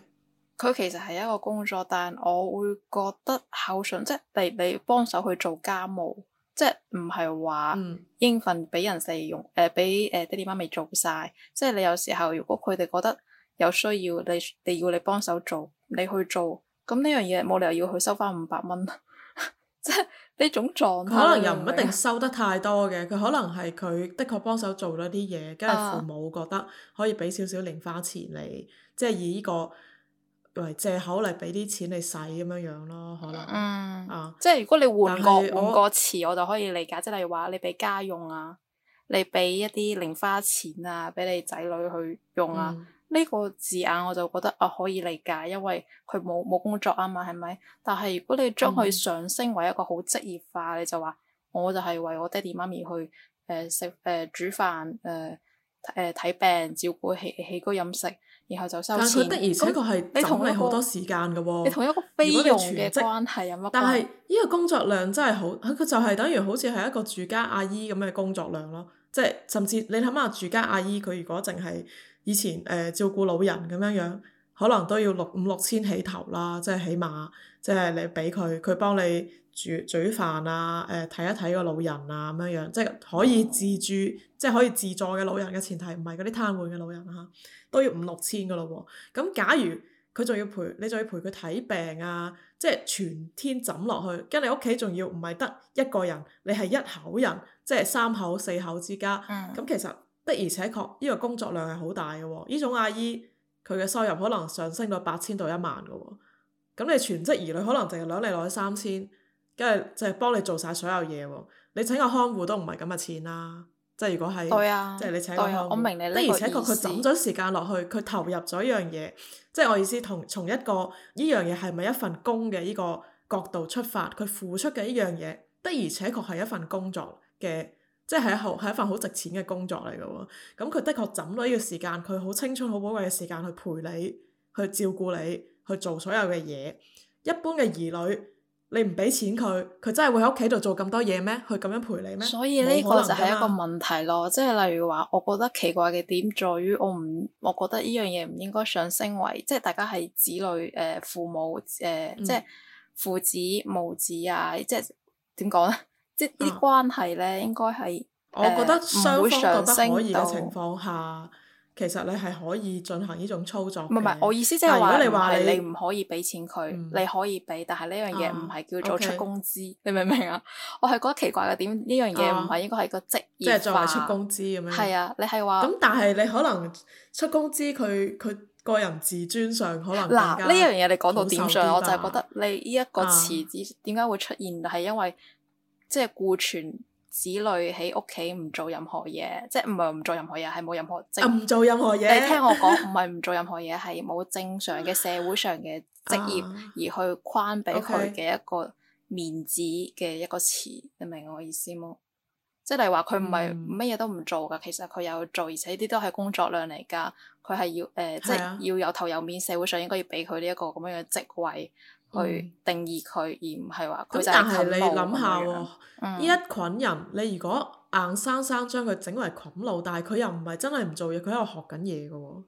佢其實係一個工作，但我會覺得孝順，即係你你幫手去做家務，即係唔係話應份俾人哋用誒，俾爹哋媽咪做晒。即係你有時候如果佢哋覺得有需要，你你要你幫手做，你去做，咁呢樣嘢冇理由要去收翻五百蚊， 即係。呢種狀態，佢可能又唔一定收得太多嘅，佢 可能係佢的確幫手做咗啲嘢，跟住父母覺得可以俾少少零花錢、啊、你，即係以呢個為藉口嚟俾啲錢你使咁樣樣咯，可能，嗯、啊，即係如果你換個換個詞，我就可以理解，即係例如話你俾家用啊，你俾一啲零花錢啊，俾你仔女去用啊。嗯呢個字眼我就覺得啊可以理解，因為佢冇冇工作啊嘛，係咪？但係如果你將佢上升為一個好職業化，嗯、你就話，我就係為我爹哋媽咪去誒食誒煮飯誒誒睇病照顧起起居飲食，然後就收錢。但佢而且確係佔你好多時間嘅喎。你同一個非用嘅關係即有乜？但係呢、這個工作量真係好，佢就係等於好似係一個住家阿姨咁嘅工作量咯。即係甚至你諗下住家阿姨佢如果淨係。以前誒、呃、照顧老人咁樣樣，可能都要六五六千起頭啦，即係起碼，即係你俾佢，佢幫你煮煮飯啊，誒、呃、睇一睇個老人啊咁樣樣，即係可以自住，哦、即係可以自助嘅老人嘅前提，唔係嗰啲癱瘓嘅老人嚇、啊，都要五六千噶咯喎。咁假如佢仲要陪，你仲要陪佢睇病啊，即係全天枕落去，跟你屋企仲要唔係得一個人，你係一口人，即係三口四口之家，咁其實。的而且確，呢個工作量係好大嘅喎。呢種阿姨佢嘅收入可能上升到八千到一萬嘅喎。咁你全職兒女可能淨係兩嚟攞三千，跟住即係幫你做晒所有嘢。你請個看護都唔係咁嘅錢啦。即係如果係，啊、即係你請個看護、啊。我明你呢個意思。的而且確，佢佢枕咗時間落去，佢投入咗一樣嘢。即係我意思，同從一個呢樣嘢係咪一份工嘅呢個角度出發，佢付出嘅呢樣嘢，的而且確係一份工作嘅。即係喺一,一份好值錢嘅工作嚟嘅喎，咁、嗯、佢的確枕咗呢個時間，佢好青春好寶貴嘅時間去陪你，去照顧你，去做所有嘅嘢。一般嘅兒女，你唔俾錢佢，佢真係會喺屋企度做咁多嘢咩？佢咁樣陪你咩？所以呢個就係一個問題咯。即係例如話，我覺得奇怪嘅點在於，我唔，我覺得呢樣嘢唔應該上升為，即係大家係子女誒、呃、父母誒，呃嗯、即係父子母子啊，即係點講呢？即啲關係咧，應該係我覺得雙方覺得可以嘅情況下，其實你係可以進行呢種操作。唔係，我意思即係話，如果你話你唔可以俾錢佢，你可以俾，但係呢樣嘢唔係叫做出工資，你明唔明啊？我係覺得奇怪嘅點，呢樣嘢唔係應該係個職業，即係作為出工資咁樣。係啊，你係話咁，但係你可能出工資，佢佢個人自尊上可能嗱呢樣嘢你講到點上，我就覺得你呢一個詞指點解會出現係因為。即係全職子女喺屋企唔做任何嘢，即係唔係唔做任何嘢，係冇任何職。就是、啊，唔做任何嘢！ 你聽我講，唔係唔做任何嘢，係冇正常嘅社會上嘅職業而去框俾佢嘅一個面子嘅一個詞，啊 okay。你明我意思麼？即、就、係、是、例如話佢唔係乜嘢都唔做噶，嗯、其實佢有做，而且呢啲都係工作量嚟噶。佢係要誒，即、呃、係、就是、要有頭有面，啊、社會上應該要俾佢呢一個咁樣嘅職位。去定義佢，而唔係話佢就係。但係你諗下喎，呢樣、嗯、一群人，你如果硬生生將佢整為啃老，但係佢又唔係真係唔做嘢，佢喺度學緊嘢嘅喎。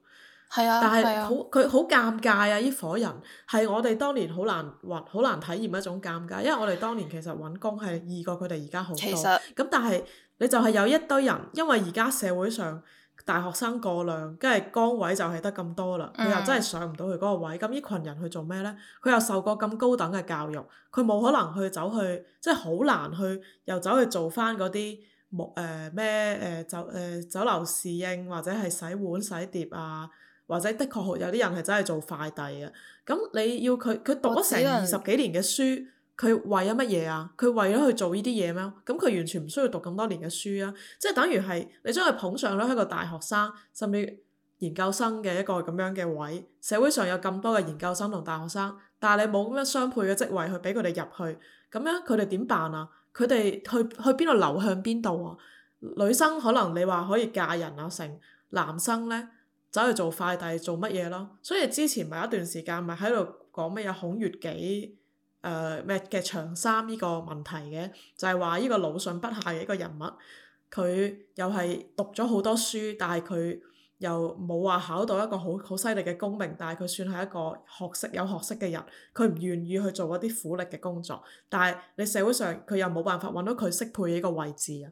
係是啊，但是，但係好佢好尷尬啊！呢伙人係我哋當年好難好難體驗一種尷尬，因為我哋當年其實揾工係易過佢哋而家好多。其實咁，但係你就係有一堆人，因為而家社會上。大學生過量，跟住崗位就係得咁多啦，佢、嗯、又真係上唔到去嗰個位，咁呢群人去做咩呢？佢又受過咁高等嘅教育，佢冇可能去走去，即係好難去，又走去做返嗰啲木誒咩誒酒誒酒樓侍應或者係洗碗洗碟啊，或者的確好有啲人係真係做快遞啊，咁你要佢佢讀咗成二十幾年嘅書。佢為咗乜嘢啊？佢為咗去做呢啲嘢咩？咁佢完全唔需要讀咁多年嘅書啊！即係等於係你將佢捧上咗一個大學生甚至研究生嘅一個咁樣嘅位。社會上有咁多嘅研究生同大學生，但係你冇咁樣雙倍嘅職位去俾佢哋入去，咁樣佢哋點辦啊？佢哋去去邊度流向邊度啊？女生可能你話可以嫁人啊成，男生呢，走去做快遞做乜嘢咯？所以之前咪一段時間咪喺度講乜嘢孔乙己？誒咩嘅長衫呢個問題嘅，就係話呢個魯迅筆下嘅一個人物，佢又係讀咗好多書，但係佢又冇話考到一個好好犀利嘅功名，但係佢算係一個學識有學識嘅人，佢唔願意去做一啲苦力嘅工作，但係你社會上佢又冇辦法搵到佢適配嘅一個位置啊。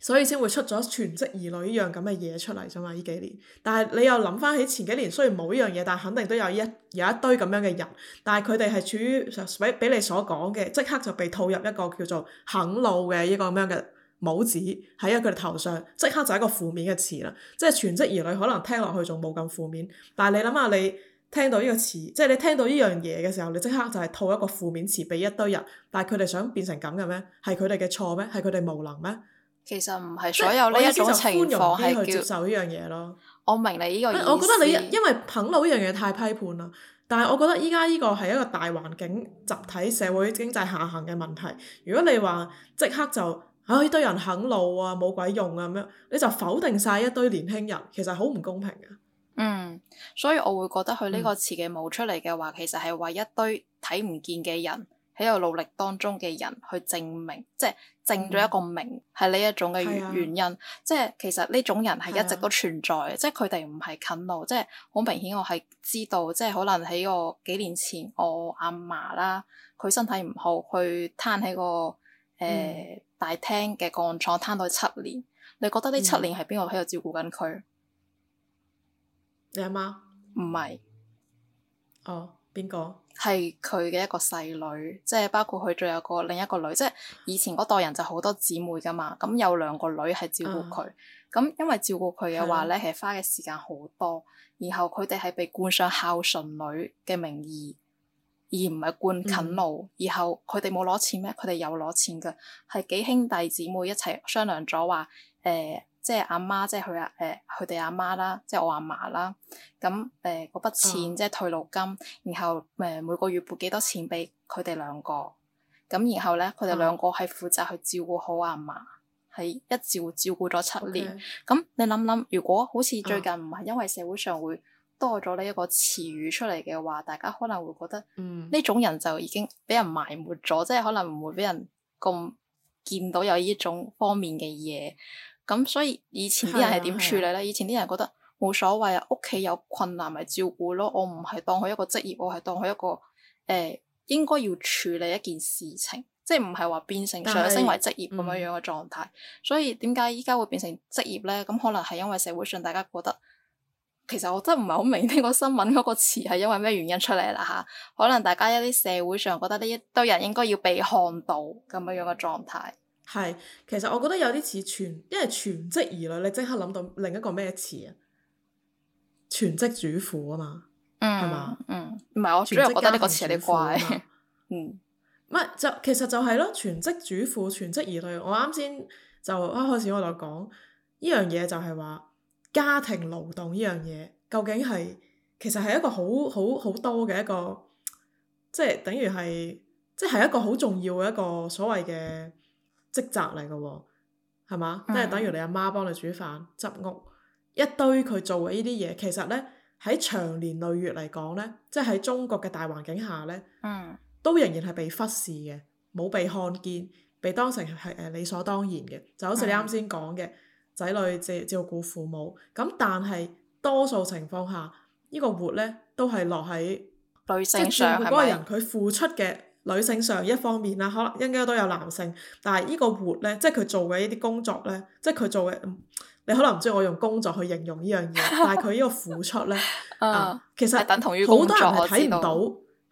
所以先會出咗全職兒女呢樣咁嘅嘢出嚟啫嘛，呢幾年，但係你又諗翻起前幾年，雖然冇呢樣嘢，但肯定都有一有一堆咁樣嘅人，但係佢哋係處於俾俾你所講嘅，即刻就被套入一個叫做啃老嘅呢個咁樣嘅帽子喺佢哋頭上，即刻就係一個負面嘅詞啦。即係全職兒女可能聽落去仲冇咁負面，但係你諗下你聽到呢個詞，即係你聽到呢樣嘢嘅時候，你即刻就係套一個負面詞俾一堆人，但係佢哋想變成咁嘅咩？係佢哋嘅錯咩？係佢哋無能咩？其實唔係所有呢一種情況係去接受呢樣嘢咯。我明你呢個，我覺得你因為啃老呢樣嘢太批判啦。但係我覺得依家呢個係一個大環境集體社會經濟下行嘅問題。如果你話即刻就哎、呢堆人啃老啊，冇鬼用啊，咁樣你就否定晒一堆年輕人，其實好唔公平嘅。嗯，所以我會覺得佢呢個詞嘅冒出嚟嘅話，嗯、其實係為一堆睇唔見嘅人。喺度努力當中嘅人去證明，即係證咗一個名係呢、嗯、一種嘅原因，啊、即係其實呢種人係一直都存在嘅、啊，即係佢哋唔係近路，即係好明顯我係知道，即係可能喺我幾年前我阿嫲啦，佢身體唔好，去攤喺個誒、呃嗯、大廳嘅鋼廠攤到七年，你覺得呢七年係邊個喺度照顧緊佢、嗯？你阿媽？唔係是。哦。邊個係佢嘅一個細女，即係包括佢仲有個另一個女，即係以前嗰代人就好多姊妹噶嘛。咁有兩個女係照顧佢，咁、嗯、因為照顧佢嘅話咧，係、嗯、花嘅時間好多。然後佢哋係被冠上孝順女嘅名義，而唔係冠近奴。嗯、然後佢哋冇攞錢咩？佢哋有攞錢噶，係幾兄弟姊妹一齊商量咗話誒。呃即係阿媽，即係佢阿誒佢哋阿媽啦，即係我阿嫲啦。咁誒嗰筆錢、嗯、即係退路金，然後誒每個月撥幾多錢俾佢哋兩個。咁然後咧，佢哋兩個係負責去照顧好阿嫲，係一照照顧咗七年。咁 Okay. 你諗諗，如果好似最近唔係因為社會上會多咗呢一個詞語出嚟嘅話，大家可能會覺得呢種人就已經俾人埋沒咗，嗯、即係可能唔會俾人咁見到有呢種方面嘅嘢。咁所以以前啲人係點處理咧？以前啲人覺得冇所謂啊，屋企有困難咪照顧咯。我唔係當佢一個職業，我係當佢一個誒、欸，應該要處理一件事情，即係唔係話變成上升為職業咁樣樣嘅狀態。嗯、所以點解依家會變成職業咧？咁可能係因為社會上大家覺得，其實我真係唔係好明呢個新聞嗰個詞係因為咩原因出嚟啦吓？可能大家一啲社會上覺得呢一堆人應該要被看到咁樣樣嘅狀態。係，其實我覺得有啲似全，因為全職兒女，你即刻諗到另一個咩詞啊？全職主婦啊嘛，係嘛？嗯，唔係吧、嗯、我全要覺得呢個詞有啲怪。吧 嗯，咪就其實就係咯，全職主婦、全職兒女。我啱先就一開始我、這個、就講呢樣嘢，就係話家庭勞動呢樣嘢，究竟係其實係一個好好好多嘅一個，即係等於係，即係一個好重要嘅一個所謂嘅。職責嚟嘅喎，係嘛？嗯、即係等於你阿媽，媽幫你煮飯、執屋一堆佢做嘅呢啲嘢，其實呢，喺長年累月嚟講呢，即係喺中國嘅大環境下呢、嗯、都仍然係被忽視嘅，冇被看見，被當成係理所當然嘅。就好似你啱先講嘅仔女照照顧父母，咁但係多數情況下，呢、這個呢個活呢都係落喺女性即係照顧嗰個人，係咪，佢付出嘅。女性上一方面啦，可能應該都有男性，但係呢個活咧，即係佢做嘅呢啲工作咧，即係佢做嘅、嗯，你可能唔知我用工作去形容呢樣嘢， 但係佢呢個付出咧、啊，其實等同於好多人係睇唔到，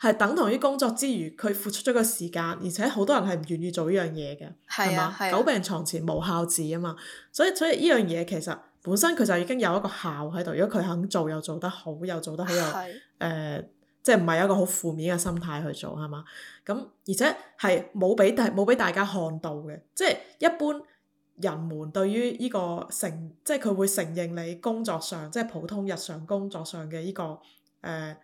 係 等同於工作之餘，佢付出咗個時間，而且好多人係唔願意做呢樣嘢嘅，係嘛？久病床前無孝子啊嘛，所以所以呢樣嘢其實本身佢就已經有一個孝喺度，如果佢肯做又做得好又做得好又誒。即係唔係一個好負面嘅心態去做係嘛？咁而且係冇俾大冇俾大家看到嘅，即係一般人們對於呢個成，即係佢會承認你工作上即係普通日常工作上嘅呢個誒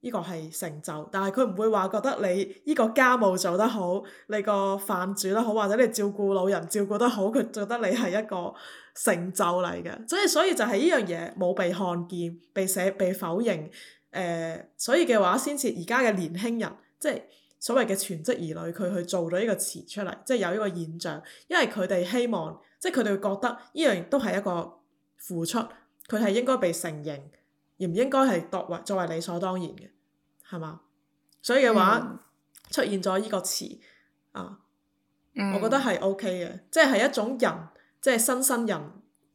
呢個係成就，但係佢唔會話覺得你呢個家務做得好，你個飯煮得好，或者你照顧老人照顧得好，佢覺得你係一個成就嚟嘅，所以所以就係呢樣嘢冇被看見、被寫、被否認。誒、呃，所以嘅話先至而家嘅年輕人，即係所謂嘅全職兒女，佢去做咗呢個詞出嚟，即係有呢個現象，因為佢哋希望，即係佢哋覺得呢樣都係一個付出，佢係應該被承認，而唔應該係作為作為理所當然嘅，係嘛？所以嘅話、嗯、出現咗呢個詞啊，嗯、我覺得係 OK 嘅，即係係一種人，即係新生人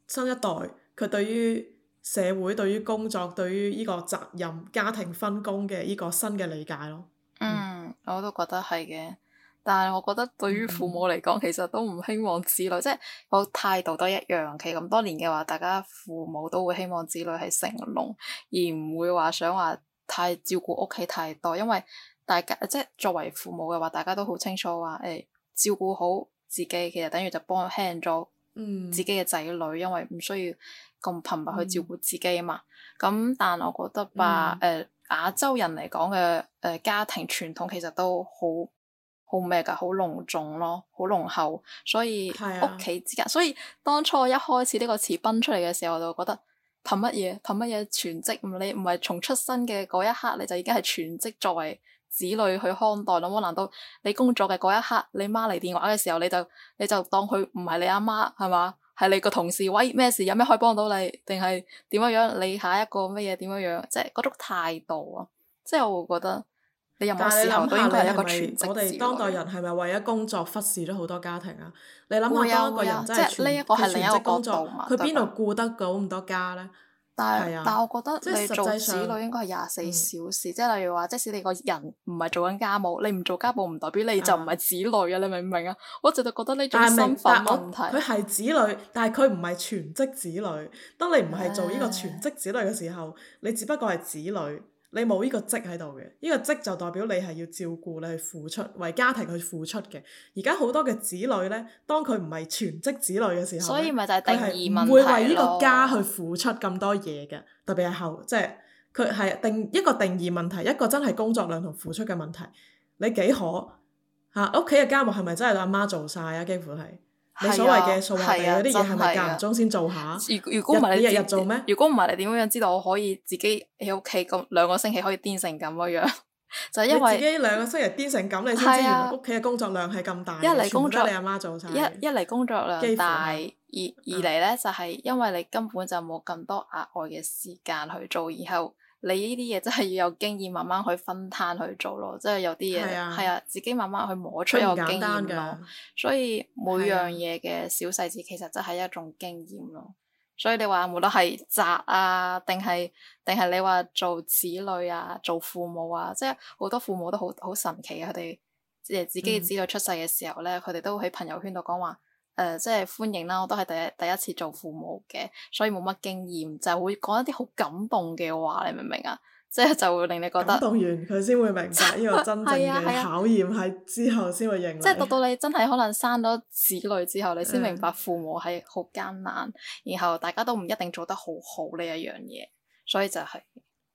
新一代，佢對於社會對於工作、對於呢個責任、家庭分工嘅呢個新嘅理解咯。嗯，嗯，我都覺得係嘅，但係我覺得對於父母嚟講，其實都唔希望子女，即係個態度都一樣。其實咁多年嘅話，大家父母都會希望子女係成龍，而唔會話想話太照顧屋企太多，因為大家即係作為父母嘅話，大家都好清楚話誒、哎、照顧好自己，其實等於就幫輕咗。嗯，自己嘅仔女，因為唔需要咁頻密去照顧自己啊嘛。咁、嗯、但我覺得吧，誒亞、嗯呃、洲人嚟講嘅誒家庭傳統其實都好好咩噶，好隆重咯，好濃厚。所以屋企、啊、之間，所以當初我一開始呢個詞崩出嚟嘅時候，我就覺得憑乜嘢憑乜嘢全職唔理，唔係從出生嘅嗰一刻你就已經係全職作為。子女去看待咯，咁難道你工作嘅嗰一刻，你媽嚟電話嘅時候，你就你就當佢唔係你阿媽，係嘛？係你個同事，喂，咩事？有咩可以幫到你？定係點樣樣？你下一個乜嘢點樣樣？即係嗰種態度啊！即係我會覺得，你任何時候都應該係一個全職。我哋當代人係咪為咗工作忽視咗好多家庭啊？你諗下，當一個人真係全職工作，佢邊度顧得到咁多家咧？但係，但係，我覺得即係你做子女應該係廿四小時。即係、嗯、例如話，即使你個人唔係做緊家務，你唔做家務唔代表你就唔係子女啊！啊你明唔明啊？我一直都覺得呢種身份問題。佢係子女，但係佢唔係全職子女。當你唔係做呢個全職子女嘅時候，哎、你只不過係子女。你冇呢個職喺度嘅，呢、呢個職就代表你係要照顧、你去付出、為家庭去付出嘅。而家好多嘅子女呢，當佢唔係全職子女嘅時候，所以咪就係定義問題咯。佢係唔會為呢個家去付出咁多嘢嘅，特別係後即係佢係定一個定義問題，一個真係工作量同付出嘅問題。你幾可吓？屋企嘅家務係咪真係阿媽做晒啊？幾乎係。你所謂嘅掃地嗰啲嘢係咪間唔中先做下？如如果唔係你日日做咩？如果唔係你點樣知道我可以自己喺屋企咁兩個星期可以癲成咁個樣？就係因為自己兩個星期癲成咁，你先知原來屋企嘅工作量係咁大，全得你阿媽做晒。一嚟工作量大，二二嚟咧就係因為你根本就冇咁多額外嘅時間去做，然後。你呢啲嘢真係要有經驗，慢慢去分攤去做咯，即係有啲嘢係啊，自己慢慢去摸出有經驗咯。所以每樣嘢嘅小細節、啊、其實真係一種經驗咯。所以你話無論係宅啊，定係定係你話做子女啊，做父母啊，即係好多父母都好好神奇啊！佢哋誒自己嘅子女出世嘅時候咧，佢哋、嗯、都喺朋友圈度講話。誒、呃，即係歡迎啦！我都係第一第一次做父母嘅，所以冇乜經驗，就會講一啲好感動嘅話，你明唔明啊？即係就會令你覺得感動完，佢先會明白呢個真正嘅考驗係、 啊啊、之後先會認。即係讀到你真係可能生咗子女之後，你先明白父母係好艱難，嗯、然後大家都唔一定做得好好呢一樣嘢，所以就係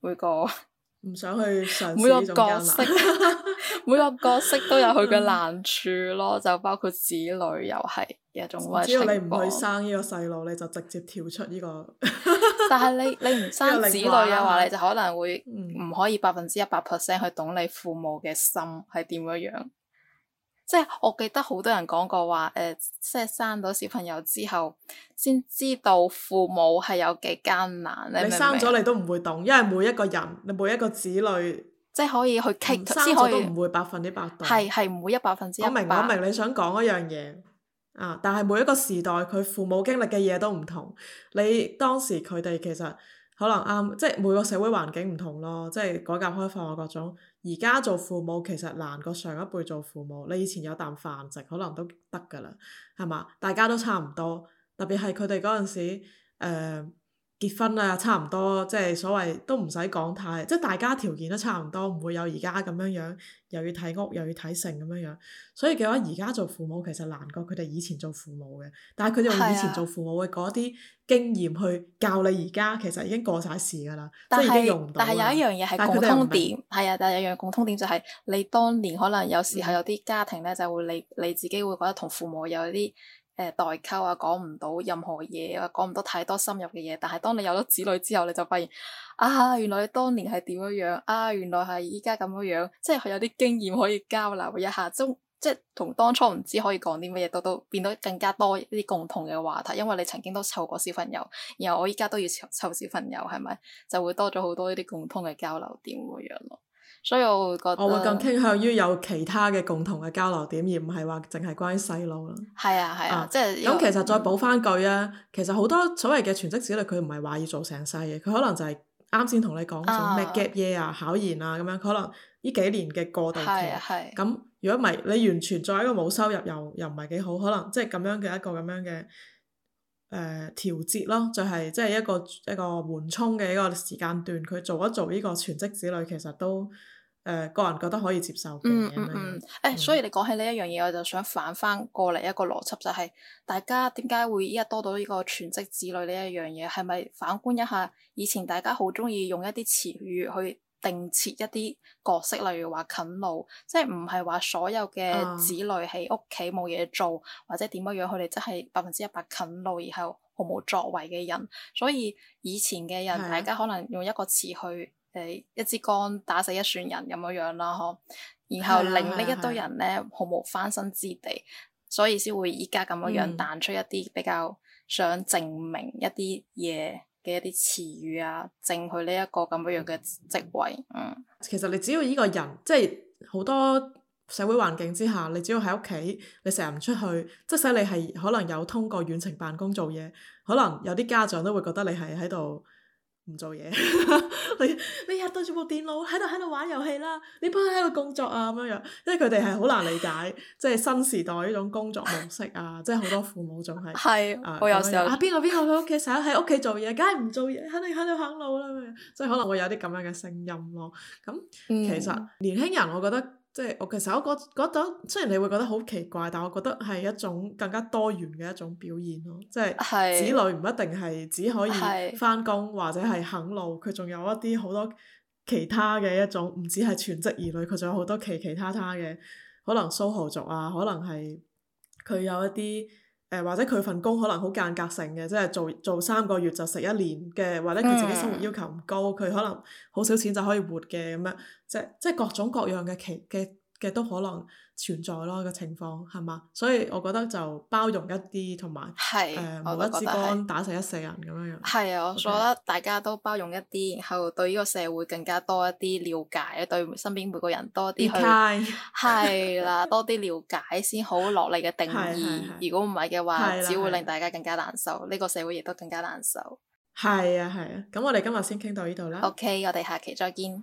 每個。 唔想去嘗試，每個角色 每個角色都有佢嘅難處咯， 就包括子女又係一種。 你唔去生呢個細路，你就直接跳出呢、這個。 但係你你唔生子女嘅話， 啊、你就可能會唔可以百分之一百 percent 去懂你父母嘅心係點樣樣。即係我記得好多人講過話，誒、呃，即係生咗小朋友之後，先知道父母係有幾艱難。你，你生咗你都唔會懂，因為每一個人，你每一個子女，即係可以去傾，生咗都唔會百分之百懂。係係唔會一百分之一百。我明我明你想講一樣嘢啊！但係每一個時代佢父母經歷嘅嘢都唔同，你當時佢哋其實。可能啱、嗯，即係每個社會環境唔同咯，即係改革開放啊各種。而家做父母其實難過上一輩做父母，你以前有啖飯食，可能都得㗎啦，係嘛？大家都差唔多，特別係佢哋嗰陣時，誒、呃。結婚啊，差唔多，即係所謂都唔使講太，即係大家條件都差唔多，唔會有而家咁樣樣，又要睇屋又要睇城咁樣樣。所以嘅話，而家做父母其實難過佢哋以前做父母嘅，但係佢哋以前做父母嘅嗰啲經驗去教你而家，其實已經過晒時㗎啦。但係是但係有一樣嘢係共通點，係啊，但係有一樣共通點就係你當年可能有時候有啲家庭咧，就會你你自己會覺得同父母有啲。誒、呃、代溝啊，講唔到任何嘢啊，講唔到太多深入嘅嘢。但係當你有咗子女之後，你就發現啊，原來你當年係點樣樣啊，原來係依家咁樣樣，即係佢有啲經驗可以交流一下，即即係同當初唔知可以講啲乜嘢，都都變到更加多啲共同嘅話題，因為你曾經都湊過小朋友，然後我依家都要湊湊小朋友，係咪就會多咗好多呢啲共通嘅交流點咁樣咯？所以我會覺得，我會更傾向於有其他嘅共同嘅交流點，而唔係話淨係關於細路啦。係啊係啊，啊啊即係咁其實再補翻句啊，嗯、其實好多所謂嘅全職子女，佢唔係話要做成世嘅，佢可能就係啱先同你講咗咩 gap year 啊、啊考研啊咁樣，可能呢幾年嘅過渡期。咁如果唔係，啊、你完全作為一個冇收入又又唔係幾好，可能即係咁樣嘅一個咁樣嘅。誒、呃、調節咯，就係即係一個一個緩衝嘅一個時間段，佢做一做呢個全職子女其實都誒、呃、個人覺得可以接受嘅，嗯。嗯嗯、欸、嗯，所以你講起呢一樣嘢，我就想反翻過嚟一個邏輯，就係、是、大家點解會依家多到呢個全職子女呢一樣嘢？係咪反觀一下以前大家好中意用一啲詞語去？定設一啲角色，例如話啃老，即係唔係話所有嘅子女喺屋企冇嘢做，或者點樣樣，佢哋真係百分之一百啃老，然後毫無作為嘅人。所以以前嘅人，是的 大家可能用一個詞去，誒、呃、一支竿打死一船人咁樣樣啦，呵。然後令呢一堆人咧是的 毫無翻身之地，所以先會依家咁樣樣彈出一啲比較想證明一啲嘢。嘅一啲詞語啊，正佢呢一個咁樣樣嘅職位，嗯，其實你只要依個人，即係好多社會環境之下，你只要喺屋企，你成日唔出去，即使你係可能有通過遠程辦公做嘢，可能有啲家長都會覺得你係喺度。唔不做嘢， 你你日對住部電腦喺度喺度玩遊戲啦，你幫佢喺度工作啊，咁樣樣，因為佢哋係好難理解即係、就是、新時代呢種工作模式啊，即係好多父母仲係， 啊、我有時候啊邊時、啊、個邊個佢屋企成日喺屋企做嘢，梗係唔做嘢，肯定喺度行路啦，咁樣，即係可能會有啲咁樣嘅聲音咯。咁其實、嗯、年輕人我覺得。即係我其實我覺覺得雖然你會覺得好奇怪，但係我覺得係一種更加多元嘅一種表現咯。即係子女唔一定係只可以返工或者係啃老，佢仲有一啲好多其他嘅一種，唔止係全職兒女，佢仲有好多其其他他嘅，可能蘇豪族啊，可能係佢有一啲。誒或者佢份工可能好間隔性嘅，即係做做三個月就食一年嘅，或者佢自己生活要求唔高，佢、嗯、可能好少錢就可以活嘅咁樣，即係即係各種各樣嘅奇嘅。嘅都可能存在咯，這個情況，係嘛？所以我覺得就包容一啲，同埋係，無一枝幹打死一世人咁樣樣。係啊，Okay. 我覺得大家都包容一啲，然後對呢個社會更加多一啲了解，對身邊每個人多啲去係啦、 啊，多啲了解先好落嚟嘅定義。如果唔係嘅話，只會令大家更加難受，呢個社會亦都更加難受。係啊，係啊，咁、啊啊啊、我哋今日先傾到呢度啦。OK，我哋下期再見。